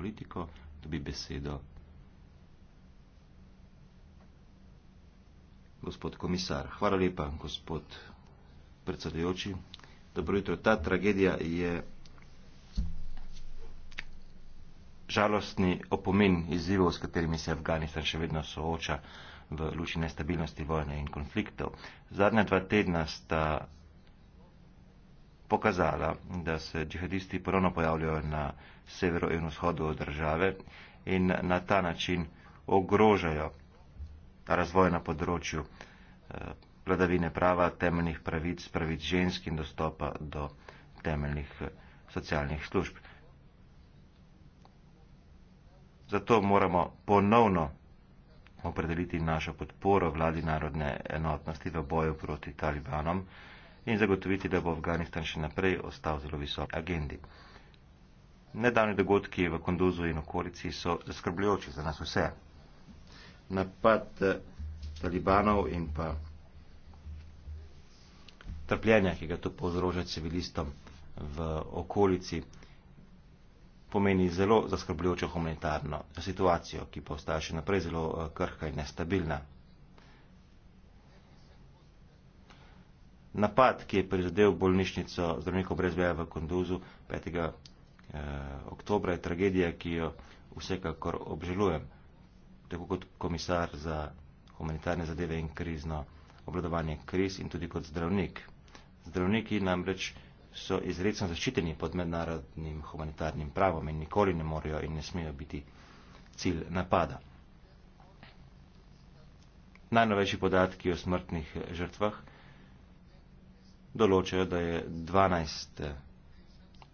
politiko, dobi besedo. Gospod komisar, hvala lepa, gospod predsedujoči. Dobro jutro. Ta tragedija je žalostni opomin izzivov, s katerimi se Afganistan še vedno sooča v luči nestabilnosti vojne in konfliktov. Zadnja dva tedna sta pokazala, da se džihadisti ponovno pojavljajo na severu in vzhodu od države in na ta način ogrožajo razvoj na področju eh, vladavine prava, temeljnih pravic, pravic žensk in dostopa do temeljnih eh, socialnih služb. Zato moramo ponovno opredeliti našo podporo vladi narodne enotnosti v boju proti talibanom in zagotoviti, da bo Afganistan še naprej ostal zelo visoki agendi. Nedavni dogodki v Konduzu in okolici so zaskrbljujoči za nas vse. Napad eh, talibanov in pa trpljenja, ki ga to povzroča civilistom v okolici, pomeni zelo zaskrbljujočo humanitarno situacijo, ki pa ostaja še naprej zelo eh, krhka in nestabilna. napad, ki je prizadel bolnišnico zdravnikov brez veja v Konduzu 5. Eh, oktobra, je tragedija, ki jo vsekakor obžalujem, tako kot komisar za humanitarne zadeve in krizno obladovanje kriz in tudi kot zdravnik. Zdravniki namreč so izredno zaščiteni pod mednarodnim humanitarnim pravom in nikoli ne morejo in ne smejo biti cilj napada. Najnovejši podatki o smrtnih žrtvah določajo, da je 12 eh,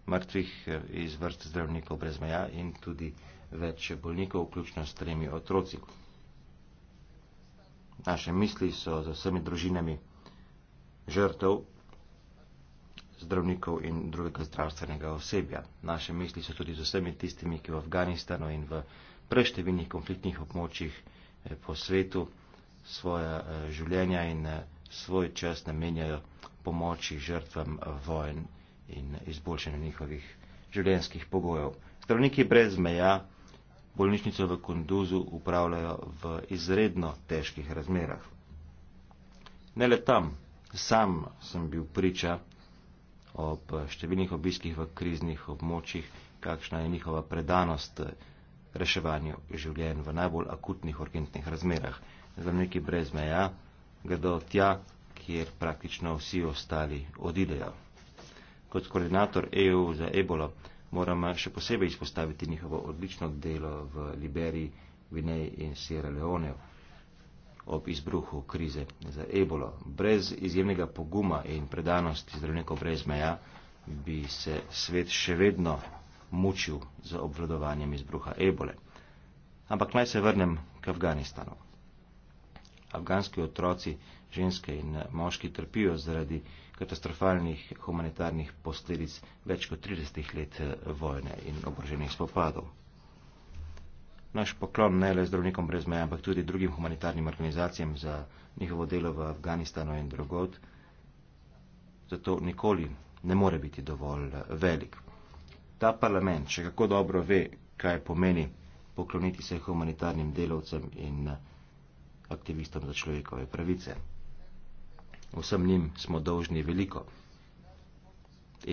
mrtvih eh, iz vrst zdravnikov brez meja in tudi več bolnikov, vključno s tremi otroci. Naše misli so za vsemi družinami žrtev, zdravnikov in drugega zdravstvenega osebja. Naše misli so tudi z vsemi tistimi, ki v Afganistanu in v preštevilnih konfliktnih območjih eh, po svetu svoje življenja in svoj čas namenjajo pomoči žrtvam vojn in izboljšanju njihovih življenjskih pogojev. Zdravniki brez meja bolnišnico v Kunduzu upravljajo v izredno težkih razmerah. Ne le tam, sam sem bil priča ob številnih obiskih v kriznih območjih, kakšna je njihova predanost reševanju življenj v najbolj akutnih urgentnih razmerah. Zdravniki brez meja gredo tja, kjer praktično vsi ostali odidejo. Kot koordinator EU za ebolo moram še posebej izpostaviti njihovo odlično delo v Liberiji, Gvineji in Sierra Leone ob izbruhu krize za ebolo. Brez izjemnega poguma in predanosti zdravnikov brez meja bi se svet še vedno mučil z obvladovanjem izbruha ebole. Ampak naj se vrnem k Afganistanu. Afganski otroci ženske in eh, moški trpijo zaradi katastrofalnih humanitarnih posledic več kot 30 let eh, vojne in oboroženih spopadov. Naš poklon ne le zdravnikom brez meja, ampak tudi drugim humanitarnim organizacijam za njihovo delo v Afganistanu in drugod, zato nikoli ne more biti dovolj eh, velik. Ta parlament še kako dobro ve, kaj pomeni pokloniti se humanitarnim delovcem in aktivistom za človekove pravice. Vsem njim smo dolžni veliko.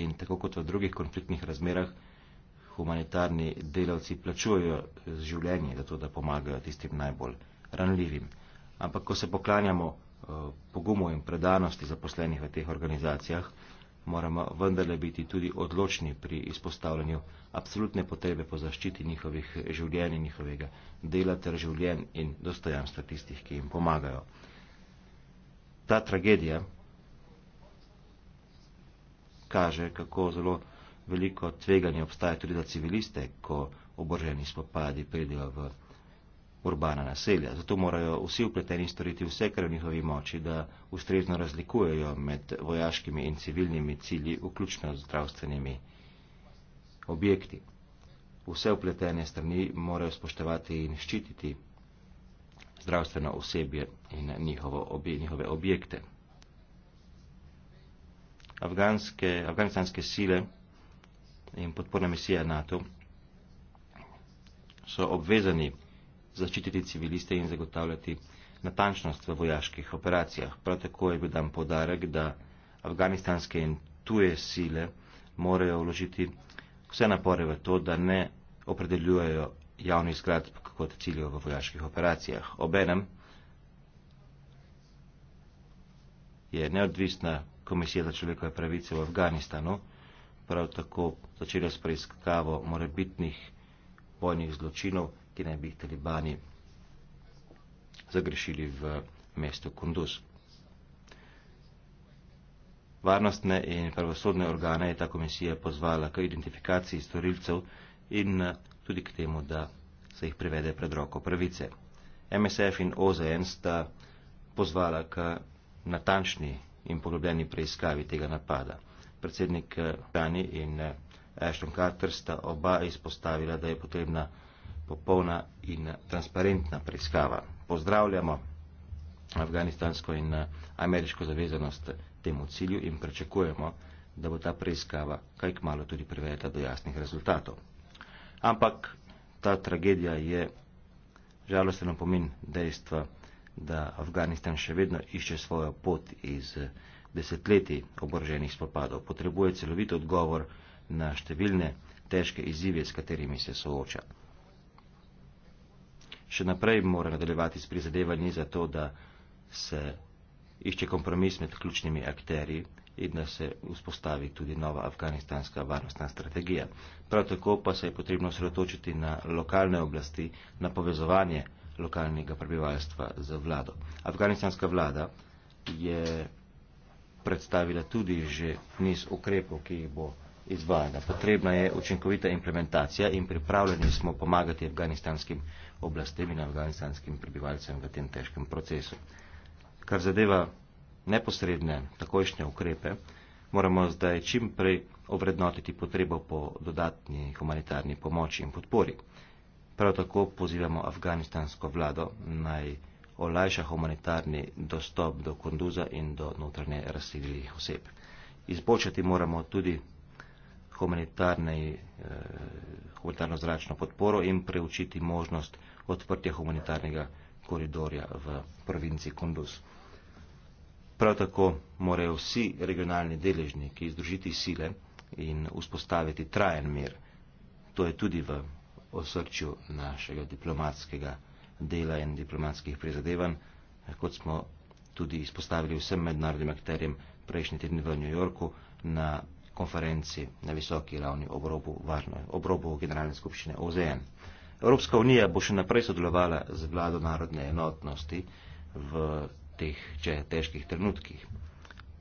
In tako kot v drugih konfliktnih razmerah, humanitarni delavci plačujejo življenje za to, da pomagajo tistim najbolj ranljivim. Ampak ko se poklanjamo eh, pogumu in predanosti zaposlenih v teh organizacijah, moramo vendarle biti tudi odločni pri izpostavljanju absolutne potrebe po zaščiti njihovih življenj in njihovega dela ter življenj in dostojanstva tistih, ki jim pomagajo ta tragedija kaže, kako zelo veliko tveganje obstaja tudi za civiliste, ko oboženi spopadi pridejo v urbana naselja. Zato morajo vsi upleteni storiti vse, kar je v njihovi moči, da ustrezno razlikujejo med vojaškimi in civilnimi cilji, vključno z zdravstvenimi objekti. Vse upletene strani morajo spoštovati in ščititi zdravstveno osebje in njihovo obje, njihove objekte. Afganske, afganistanske sile in podporna misija NATO so obvezani zaščititi civiliste in zagotavljati natančnost v vojaških operacijah. Prav tako je bil dan podarek, da afganistanske in tuje sile morajo vložiti vse napore v to, da ne opredeljujejo javnih zgradb kot ciljev v vojaških operacijah. Obenem je neodvisna komisija za človekove pravice v Afganistanu prav tako začela s preiskavo morebitnih vojnih zločinov, ki naj bi jih talibani zagrešili v mestu Kunduz. Varnostne in pravosodne organe je ta komisija pozvala k identifikaciji storilcev in tudi k temu, da da jih privede pred roko pravice. MSF in OZN sta pozvala k natančni in poglobljeni preiskavi tega napada. Predsednik eh, Dani in eh, Ashton Carter sta oba izpostavila, da je potrebna popolna in eh, transparentna preiskava. Pozdravljamo afganistansko in ameriško zavezanost temu cilju in prečakujemo, da bo ta preiskava kajk malo tudi privedla do jasnih rezultatov. Ampak ta tragedija je žalosten pomin dejstva, da Afganistan še vedno išče svojo pot iz eh, desetletij oboroženih spopadov. Potrebuje celovit odgovor na številne težke izzive, s katerimi se sooča. Še naprej mora nadaljevati s prizadevanji za to, da se išče kompromis med ključnimi akterji, in da se vzpostavi tudi nova afganistanska varnostna strategija. Prav tako pa se je potrebno sredotočiti na lokalne oblasti, na povezovanje lokalnega prebivalstva z vlado. Afganistanska vlada je predstavila tudi že niz ukrepov, ki jih bo izvajala. Potrebna je učinkovita implementacija in pripravljeni smo pomagati afganistanskim oblastem in afganistanskim prebivalcem v tem težkem procesu. Kar zadeva neposredne takojšnje ukrepe, moramo zdaj čim prej ovrednotiti potrebo po dodatni humanitarni pomoči in podpori. Prav tako pozivamo afganistansko vlado naj olajša humanitarni dostop do konduza in do notranje razsililih oseb. Izboljšati moramo tudi eh, humanitarno zračno podporo in preučiti možnost odprtja humanitarnega koridorja v provinci Kunduz. Prav tako morajo vsi regionalni deležniki združiti sile in vzpostaviti trajen mir. To je tudi v osrčju našega diplomatskega dela in diplomatskih prizadevanj, kot smo tudi izpostavili vsem mednarodnim akterjem prejšnji teden v New Yorku na konferenci na visoki ravni obrobu, varno, obrobu Generalne skupščine OZN. Evropska unija bo še naprej sodelovala z vlado narodne enotnosti v teh če, težkih trenutkih.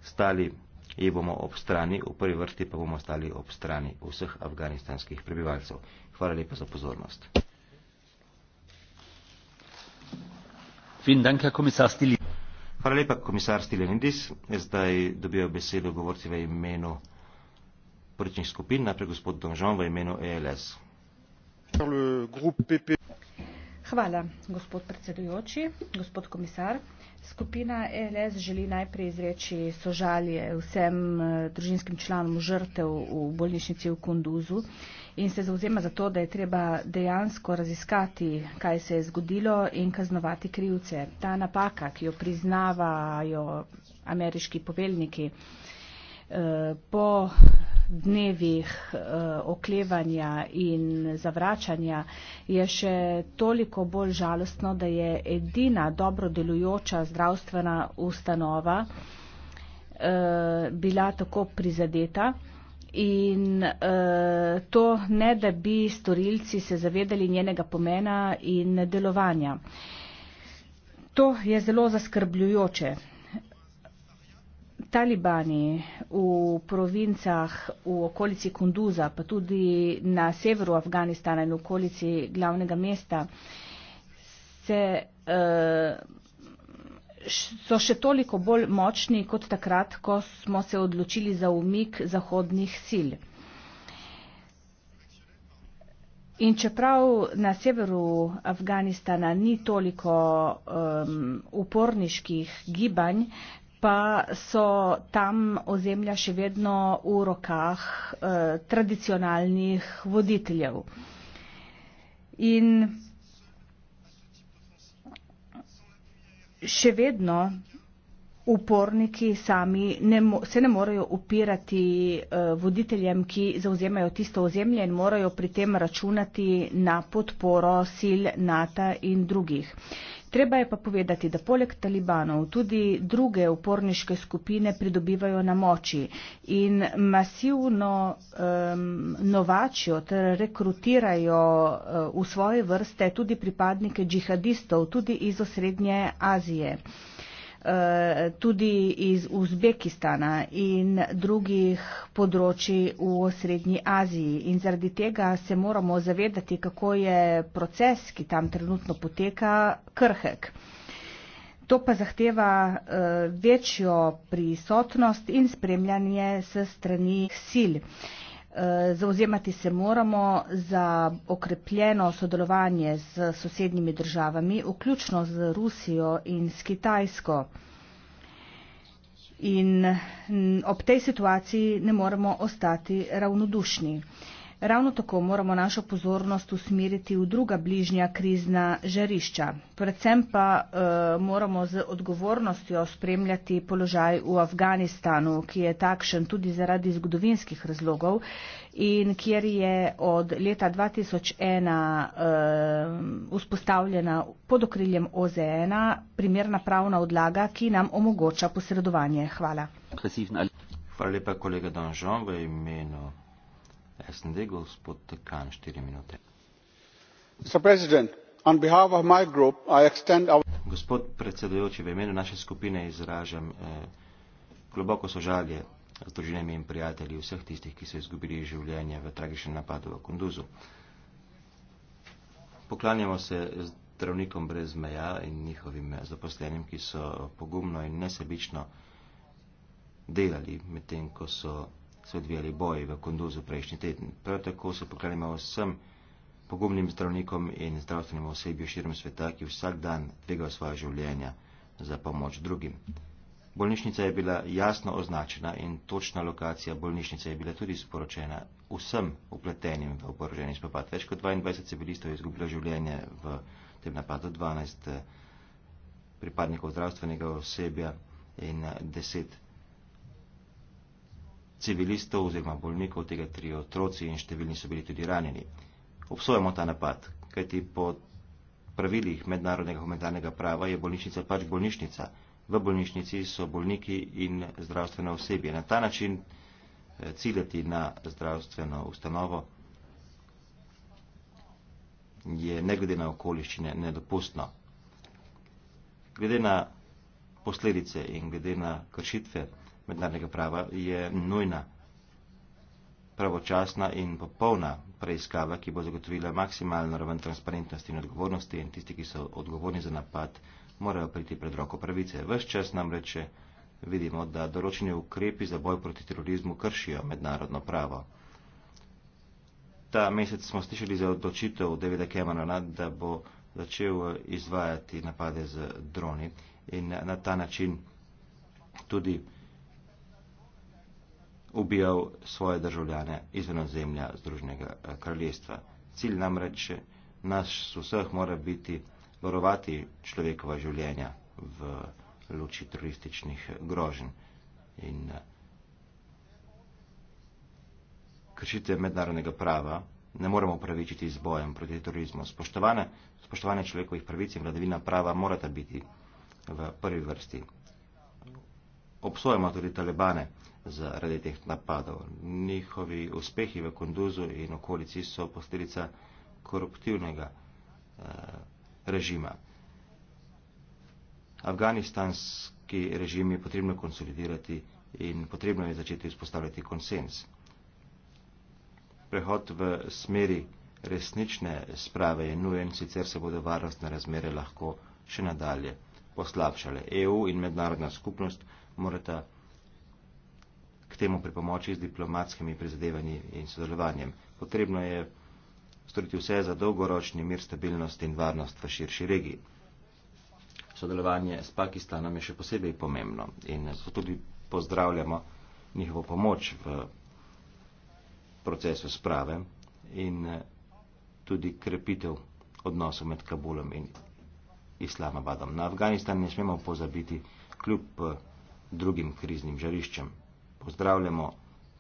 Stali ji bomo ob strani, v prvi vrsti pa bomo stali ob strani vseh afganistanskih prebivalcev. Hvala lepa za pozornost. Hvala lepa, komisar Stilenidis. Zdaj dobijo besedo govorci v imenu poročnih skupin, najprej gospod Donžon v imenu ELS. Hvala, gospod predsedujoči, gospod komisar. Skupina e LS želi najprej izreči sožalje vsem eh, družinskim članom žrtev v bolnišnici v Kunduzu in se zauzema za to, da je treba dejansko raziskati, kaj se je zgodilo in kaznovati krivce. Ta napaka, ki jo priznavajo ameriški poveljniki, eh, po dnevih eh, oklevanja in zavračanja je še toliko bolj žalostno, da je edina dobro delujoča zdravstvena ustanova eh, bila tako prizadeta. In eh, to ne, da bi storilci se zavedali njenega pomena in delovanja. To je zelo zaskrbljujoče talibani v provincah v okolici Kunduza, pa tudi na severu Afganistana in v okolici glavnega mesta, se, eh, so še toliko bolj močni kot takrat, ko smo se odločili za umik zahodnih sil. In čeprav na severu Afganistana ni toliko um, uporniških gibanj, pa so tam ozemlja še vedno v rokah eh, tradicionalnih voditeljev. In še vedno uporniki sami ne se ne morejo upirati eh, voditeljem, ki zauzemajo tisto ozemlje in morajo pri tem računati na podporo sil NATO in drugih. Treba je pa povedati, da poleg talibanov tudi druge uporniške skupine pridobivajo na moči in masivno um, novačijo ter rekrutirajo uh, v svoje vrste tudi pripadnike džihadistov, tudi iz osrednje Azije. Eh, tudi iz Uzbekistana in drugih področji v Srednji Aziji. In zaradi tega se moramo zavedati, kako je proces, ki tam trenutno poteka, krhek. To pa zahteva eh, večjo prisotnost in spremljanje s strani sil. Eh, zauzemati se moramo za okrepljeno sodelovanje z sosednjimi državami, vključno z Rusijo in s Kitajsko. In ob tej situaciji ne moremo ostati ravnodušni. Ravno tako moramo našo pozornost usmeriti v druga bližnja krizna žarišča. Predvsem pa e, moramo z odgovornostjo spremljati položaj v Afganistanu, ki je takšen tudi zaradi zgodovinskih razlogov in kjer je od leta 2001 e, eh, vzpostavljena pod okriljem OZN-a primerna pravna odlaga, ki nam omogoča posredovanje. Hvala. Hvala lepa, kolega Danžon, v imenu gospod predsedujoči v imenu naše skupine izražam eh, globoko sožalje z družinami in prijatelji vseh tistih ki so izgubili življenje v tragičnem napadu v kunduzu poklanjamo se zdravnikom brez meja in njihovim zaposlenim ki so pogumno in nesebično delali medtem ko so so odvijali boji v Kunduzu prejšnji teden. Prav tako se pokalima vsem pogumnim zdravnikom in zdravstvenim osebju širom sveta, ki vsak dan tvegajo svoje življenja za pomoč drugim. Bolnišnica je bila jasno označena in točna lokacija bolnišnice je bila tudi sporočena vsem upletenim v oboroženi spopad. Več kot 22 civilistov je izgubilo življenje v tem napadu, 12 eh, pripadnikov zdravstvenega osebja in 10 civilistov oziroma bolnikov, tega tri otroci in številni so bili tudi ranjeni. Obsojamo ta napad, kajti po pravilih mednarodnega humanitarnega prava je bolnišnica pač bolnišnica. V bolnišnici so bolniki in zdravstvene osebje. Na ta način eh, ciljati na zdravstveno ustanovo je ne glede na okoliščine nedopustno. Glede na posledice in glede na kršitve mednarodnega prava je nujna pravočasna in popolna preiskava, ki bo zagotovila maksimalno raven transparentnosti in odgovornosti in tisti, ki so odgovorni za napad, morajo priti pred roko pravice. Ves čas namreč vidimo, da določene ukrepi za boj proti terorizmu kršijo mednarodno pravo. Ta mesec smo slišali za odločitev Davida Camerona, da bo začel izvajati napade z droni in na ta način tudi ubijal svoje državljane izven ozemlja Združenega eh, kraljestva. Cilj namreč nas vseh mora biti varovati človekova življenja v luči turističnih grožen in eh, kršitve mednarodnega prava ne moremo upravičiti z bojem proti turizmu. Spoštovane, spoštovane človekovih pravic in vladavina prava morata biti v prvi vrsti. Obsojamo tudi talibane, zaradi teh napadov. Njihovi uspehi v Kunduzu in okolici so posledica koruptivnega eh, režima. Afganistanski režim je potrebno konsolidirati in potrebno je začeti vzpostavljati konsens. Prehod v smeri resnične sprave je nujen, sicer se bodo varnostne razmere lahko še nadalje poslabšale. EU in mednarodna skupnost morata temu pripomoči z diplomatskimi prizadevanji in sodelovanjem. Potrebno je storiti vse za dolgoročni mir, stabilnost in varnost v širši regiji. Sodelovanje s Pakistanom je še posebej pomembno in zato tudi pozdravljamo njihovo pomoč v procesu sprave in eh, tudi krepitev odnosov med Kabulom in Islamabadom. Na Afganistan ne smemo pozabiti kljub eh, drugim kriznim žariščem pozdravljamo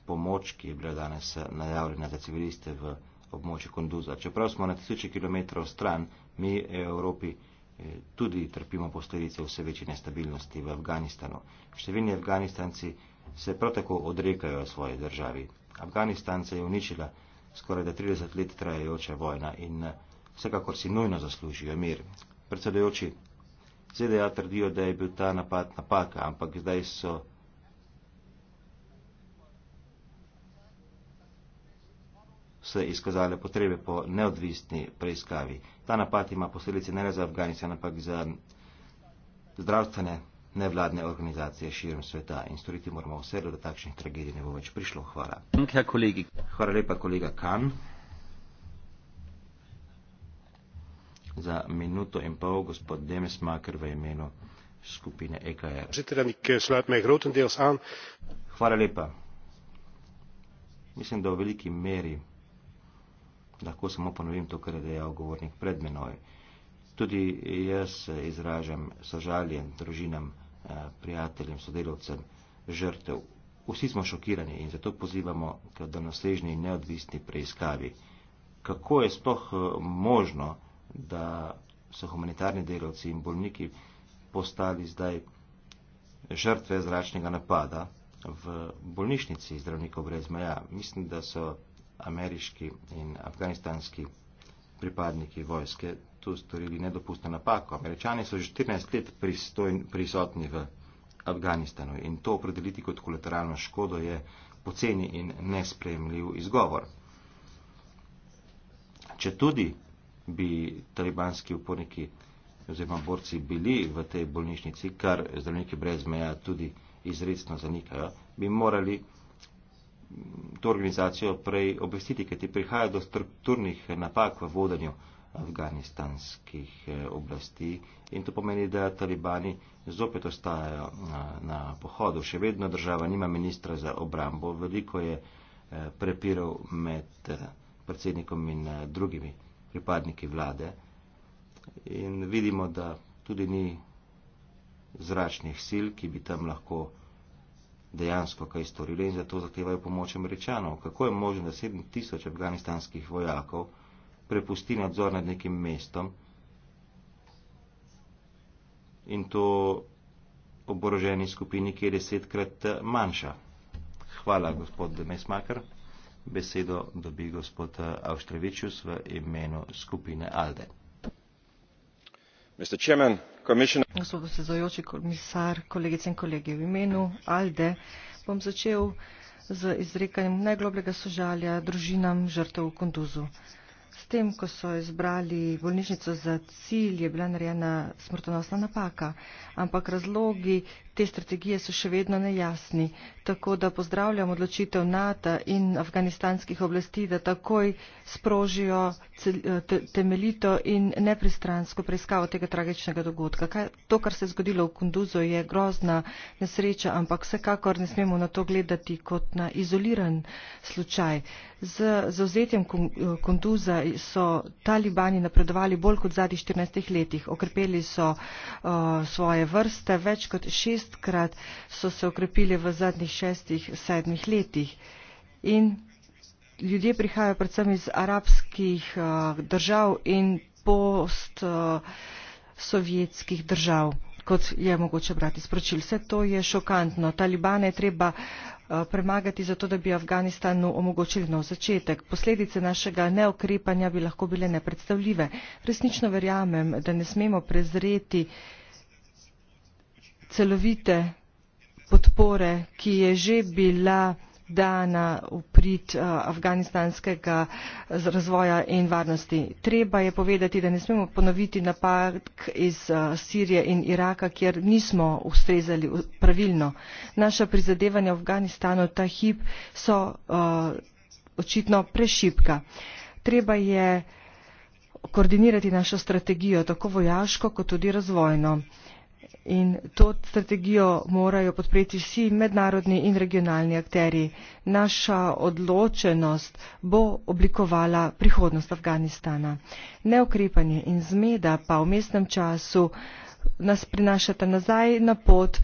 pomoč, ki je bila danes eh, najavljena za civiliste v območju Konduza. Čeprav smo na tisoče kilometrov stran, mi v Evropi eh, tudi trpimo posledice vse večje nestabilnosti v Afganistanu. Številni Afganistanci se prav tako odrekajo svoje državi. Afganistanca je uničila skoraj da 30 let trajajoča vojna in eh, vsekakor si nujno zaslužijo mir. Predsedujoči, ZDA trdijo, da je bil ta napad napaka, ampak zdaj so se izkazale potrebe po neodvisni preiskavi. Ta napad ima posledice ne le za Afganistan, ampak za zdravstvene nevladne organizacije širom sveta in storiti moramo vse, da takšnih tragedij ne bo več prišlo. Hvala. Hvala lepa, kolega Kan. Za minuto in pol gospod Demes Maker v imenu skupine EKR. Eh, Hvala lepa. Mislim, da v veliki meri lahko samo ponovim to, kar je dejal govornik pred menoj. Tudi jaz izražam sožalje družinam, eh, prijateljem, sodelovcem, žrtev. Vsi smo šokirani in zato pozivamo k danosežni neodvisni preiskavi. Kako je sploh eh, možno, da so humanitarni delavci in bolniki postali zdaj žrtve zračnega napada v bolnišnici zdravnikov brez meja? Mislim, da so ameriški in afganistanski pripadniki vojske tu storili nedopustno napako. Američani so že 14 let pristojn, prisotni v Afganistanu in to opredeliti kot kolateralno škodo je poceni in nespremljiv izgovor. Če tudi bi talibanski uporniki oziroma borci bili v tej bolnišnici, kar zdravniki brez meja tudi izredno zanikajo, bi morali to organizacijo prej obvestiti, kajti prihaja do strukturnih napak v vodenju afganistanskih eh, oblasti in to pomeni, da talibani zopet ostajajo na, eh, na pohodu. Še vedno država nima ministra za obrambo, veliko je eh, prepirov med predsednikom in drugimi pripadniki vlade in vidimo, da tudi ni zračnih sil, ki bi tam lahko dejansko kaj storili in zato zahtevajo pomoč američanov. Kako je možno, da 7000 afganistanskih vojakov prepusti nadzor nad nekim mestom in to oboroženi skupini, ki je desetkrat manjša? Hvala, gospod Mesmaker. Besedo dobi gospod Avštrevičus v imenu skupine Alde gospod predsedujoči komisar kolegice in kolegi v imenu alde bom začel z izrekanjem najglobljega sožalja družinam žrtev v kunduzu. s tem ko so izbrali bolnišnico za cilj je bila narejena smrtonosna napaka ampak razlogi ki so vodili do te napake te strategije so še vedno nejasni. Tako da pozdravljam odločitev NATO in afganistanskih oblasti, da takoj sprožijo eh, temeljito in nepristransko preiskavo tega tragičnega dogodka. To, kar se je zgodilo v Kunduzu, je grozna nesreča, ampak vsekakor ne smemo na to gledati kot na izoliran slučaj. Z zauzetjem Kunduza so talibani napredovali bolj kot zadnjih 14 letih. Okrepili so uh, svoje vrste, več kot 6 šestkrat so se okrepili v zadnjih šestih, sedmih letih. In ljudje prihajajo predvsem iz arabskih uh, držav in postsovjetskih uh, držav, kot je mogoče brati sporočil. Vse to je šokantno. Talibane je treba eh, premagati zato, da bi Afganistanu omogočili nov začetek. Posledice našega neokrepanja bi lahko bile nepredstavljive. Resnično verjamem, da ne smemo prezreti uh, celovite podpore ki je že bila dana v prid eh, afganistanskega razvoja in varnosti. Treba je povedati, da ne smemo ponoviti napak iz eh, Sirije in Iraka, kjer nismo ustrezali pravilno. Naša prizadevanja v Afganistanu ta hip so uh, očitno prešipka. Treba je koordinirati našo strategijo, tako vojaško kot tudi razvojno. Uh, in to strategijo morajo podpreti vsi mednarodni in regionalni akterji. Naša odločenost bo oblikovala prihodnost Afganistana. Neukrepanje in zmeda pa v mestnem času nas prinašata nazaj na pot,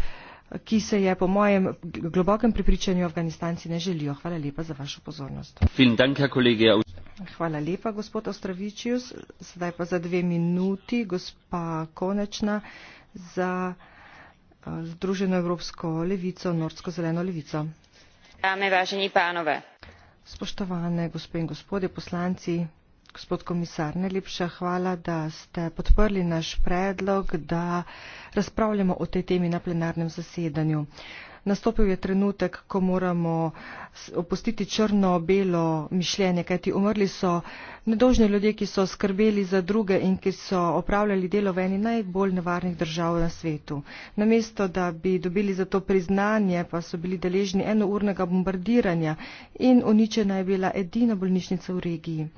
ki se je po mojem globokem prepričanju Afganistanci ne želijo. Hvala lepa za vašo pozornost. Hvala lepa, gospod Ostravičius. Zdaj pa za dve minuti, gospa Konečna za eh, Združeno evropsko levico, Nordsko zeleno levico. Dame, važeni, Spoštovane gospe in gospodje poslanci, Gospod komisar, najlepša hvala, da ste podprli naš predlog, da razpravljamo o tej temi na plenarnem zasedanju. Nastopil je trenutek, ko moramo opustiti črno-belo mišljenje, kajti umrli so nedožni ljudje, ki so skrbeli za druge in ki so opravljali delo v eni najbolj nevarnih držav na svetu. Namesto, da bi dobili za to priznanje, pa so bili deležni enournega bombardiranja in uničena je bila edina bolnišnica v regiji.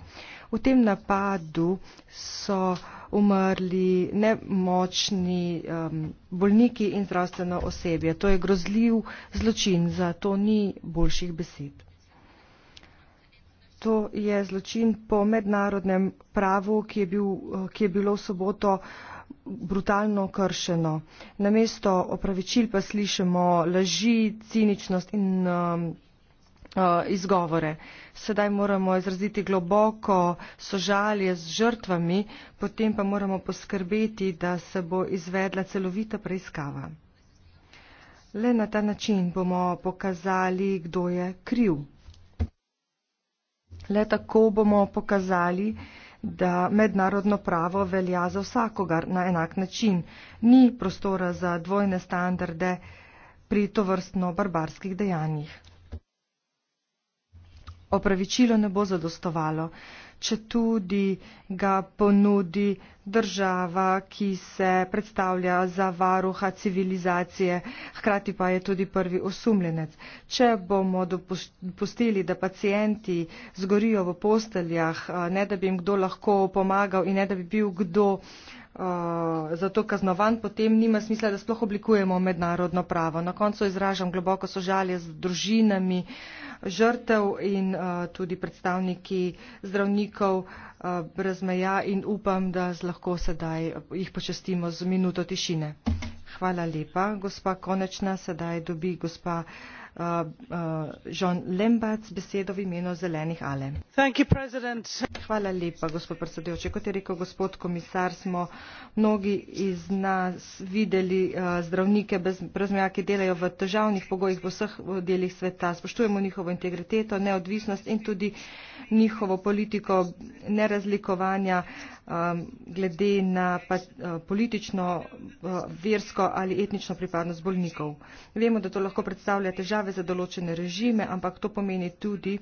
V tem napadu so umrli nemočni um, bolniki in zdravstveno osebje. To je grozljiv zločin, zato ni boljših besed. To je zločin po mednarodnem pravu, ki je, bil, uh, ki je bilo v soboto brutalno kršeno. Namesto opravičil pa slišimo laži, ciničnost in um, Eh, izgovore. Sedaj moramo izraziti globoko sožalje z žrtvami, potem pa moramo poskrbeti, da se bo izvedla celovita preiskava. Le na ta način bomo pokazali, kdo je kriv. Le tako bomo pokazali, da mednarodno pravo velja za vsakogar na enak način. Ni prostora za dvojne standarde pri tovrstno barbarskih dejanjih opravičilo ne bo zadostovalo, če tudi ga ponudi država, ki se predstavlja za varuha civilizacije, hkrati pa je tudi prvi osumljenec. Če bomo dopustili, da pacijenti zgorijo v posteljah, ne da bi jim kdo lahko pomagal in ne da bi bil kdo zato kaznovan, potem nima smisla, da sploh oblikujemo mednarodno pravo. Na koncu izražam globoko sožalje z družinami uh, žrtev in eh, tudi predstavniki zdravnikov eh, brez meja in upam, da lahko sedaj jih počestimo z minuto tišine. Hvala lepa, gospa Konečna, sedaj dobi gospa. Uh, uh, hvala lepa gospod predsedujoči kot je rekel gospod komisar smo mnogi iz nas videli uh, zdravnike brez meja ki delajo v težavnih pogojih v vseh delih sveta spoštujemo njihovo integriteto neodvisnost in tudi njihovo politiko nerazlikovanja um, glede na politično versko ali etnično pripadnost bolnikov vemo da to lahko predstavlja težave države za določene režime, ampak to pomeni tudi,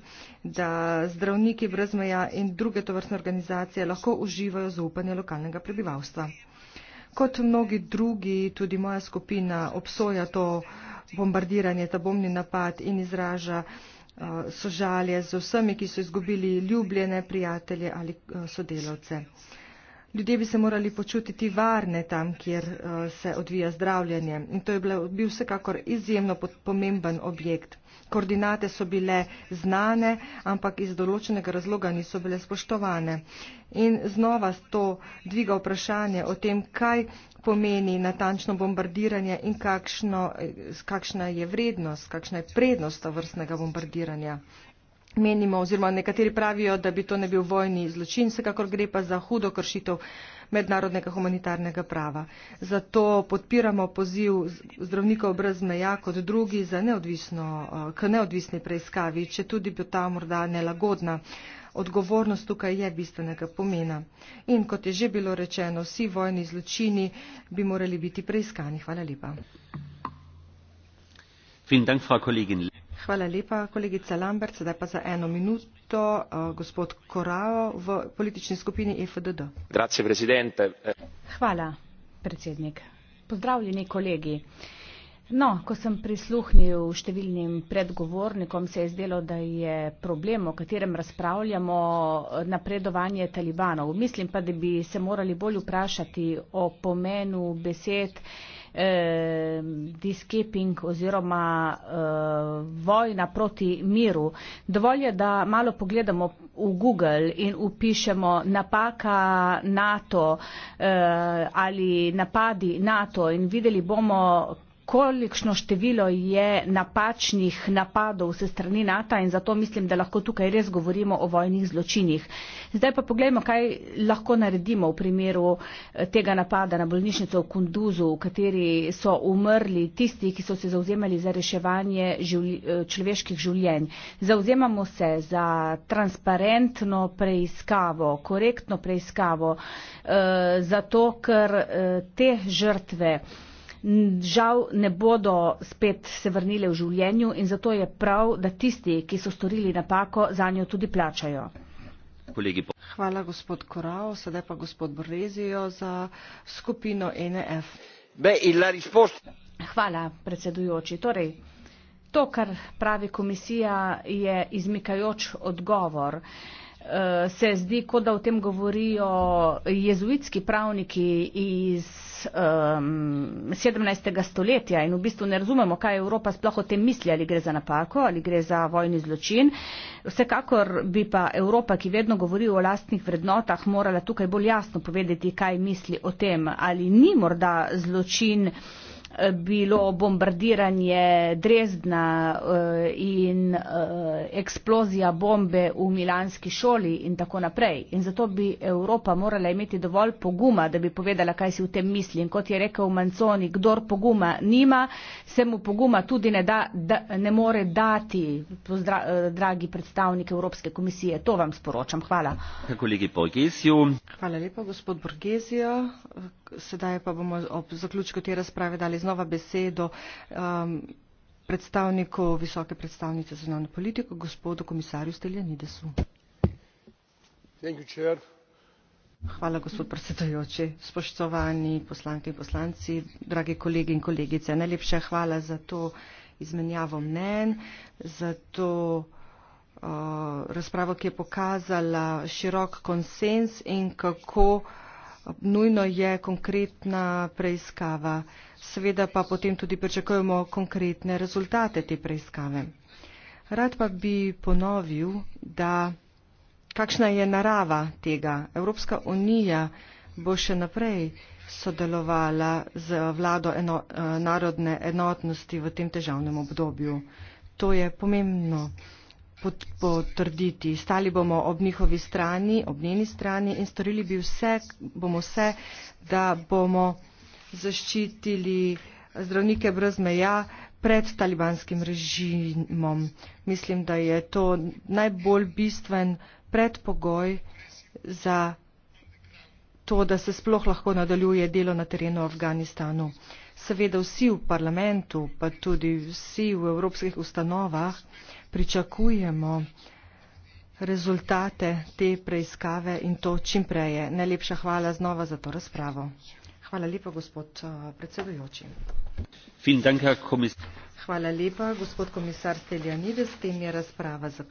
da zdravniki brez meja in druge tovrstne organizacije lahko uživajo zaupanje lokalnega prebivalstva. Kot mnogi drugi, tudi moja skupina obsoja to bombardiranje, ta bombni napad in izraža eh, sožalje z vsemi, ki so izgubili ljubljene prijatelje ali eh, sodelavce. Ljudje bi se morali počutiti varne tam, kjer eh, se odvija zdravljanje. In to je bil, bil vsekakor izjemno pomemben objekt. Koordinate so bile znane, ampak iz določenega razloga niso bile spoštovane. In znova to dviga vprašanje o tem, kaj pomeni natančno bombardiranje in kakšno, eh, kakšna je vrednost, kakšna je prednost ta vrstnega bombardiranja menimo oziroma nekateri pravijo da bi to ne bil vojni zločin vsekakor gre pa za hudo kršitev mednarodnega humanitarnega prava. Zato podpiramo poziv zdravnikov brez meja kot drugi za neodvisno, eh, k neodvisni preiskavi, če tudi bi ta morda nelagodna. Odgovornost tukaj je bistvenega pomena. In kot je že bilo rečeno, vsi vojni zločini bi morali biti preiskani. Hvala lepa. Vielen Dank, Frau Kollegin. Hvala lepa, kolegica Lambert. Sedaj pa za eno minuto eh, gospod Korao v politični skupini EFDD. Hvala, predsednik. Pozdravljeni kolegi. No, ko sem prisluhnil številnim predgovornikom, se je zdelo, da je problem, o katerem razpravljamo, napredovanje talibanov. Mislim pa, da bi se morali bolj vprašati o pomenu besed eh, diskeping oziroma eh, vojna proti miru. Dovolj je, da malo pogledamo v Google in upišemo napaka NATO eh, ali napadi NATO in videli bomo, kolikšno število je napačnih napadov se strani NATO in zato mislim, da lahko tukaj res govorimo o vojnih zločinih. Zdaj pa pogledajmo, kaj lahko naredimo v primeru eh, tega napada na bolnišnico v Kunduzu, v kateri so umrli tisti, ki so se zauzemali za reševanje življ, eh, človeških življenj. Zauzemamo se za transparentno preiskavo, korektno preiskavo, eh, zato ker te žrtve, žal ne bodo spet se vrnile v življenju in zato je prav, da tisti, ki so storili napako, za njo tudi plačajo. Hvala gospod Korao, sedaj pa gospod Brezijo za skupino NF. Hvala predsedujoči. Torej, to, kar pravi komisija, je izmikajoč odgovor uh, se zdi, kot da o tem govorijo jezuitski pravniki iz um, 17. stoletja in v bistvu ne razumemo, kaj Evropa sploh o tem misli, ali gre za napako, ali gre za vojni zločin. Vsekakor bi pa Evropa, ki vedno govori o lastnih vrednotah, morala tukaj bolj jasno povedati, kaj misli o tem, ali ni morda zločin bilo bombardiranje Drezdna eh, in eh, eksplozija bombe v milanski šoli in tako naprej. In zato bi Evropa morala imeti dovolj poguma, da bi povedala, kaj si v tem misli. In kot je rekel Manconi, kdor poguma nima, se mu poguma tudi ne, da, da, ne more dati, pozdra, eh, dragi predstavnik Evropske komisije. To vam sporočam. Hvala. Hvala lepa, gospod Borgesijo. Sedaj pa bomo ob zaključku te razprave dali znotraj znova besedo um, predstavniku visoke predstavnice za zunanjo politiko, gospodu komisarju Steljanidesu. Hvala, gospod predsedujoči, spoštovani poslanke in poslanci, dragi kolegi in kolegice. Najlepša hvala za to izmenjavo mnen, za to uh, razpravo, ki je pokazala širok konsens in kako uh, nujno je konkretna preiskava. Seveda pa potem tudi pričakujemo konkretne rezultate te preiskave. Rad pa bi ponovil, da kakšna je narava tega. Evropska unija bo še naprej sodelovala z vlado eno, eh, narodne enotnosti v tem težavnem obdobju. To je pomembno potrditi. Stali bomo ob njihovi strani, ob njeni strani in storili bi vse, bomo vse, da bomo zaščitili zdravnike brez meja pred talibanskim režimom. Mislim, da je to najbolj bistven predpogoj za to, da se sploh lahko nadaljuje delo na terenu Afganistanu. Seveda vsi v parlamentu, pa tudi vsi v evropskih ustanovah, pričakujemo rezultate te preiskave in to čimprej. Najlepša hvala znova za to razpravo. Hvala lepa, gospod eh, predsedujoči. Hvala lepa, gospod komisar Steljanides. S tem je razprava zaključena.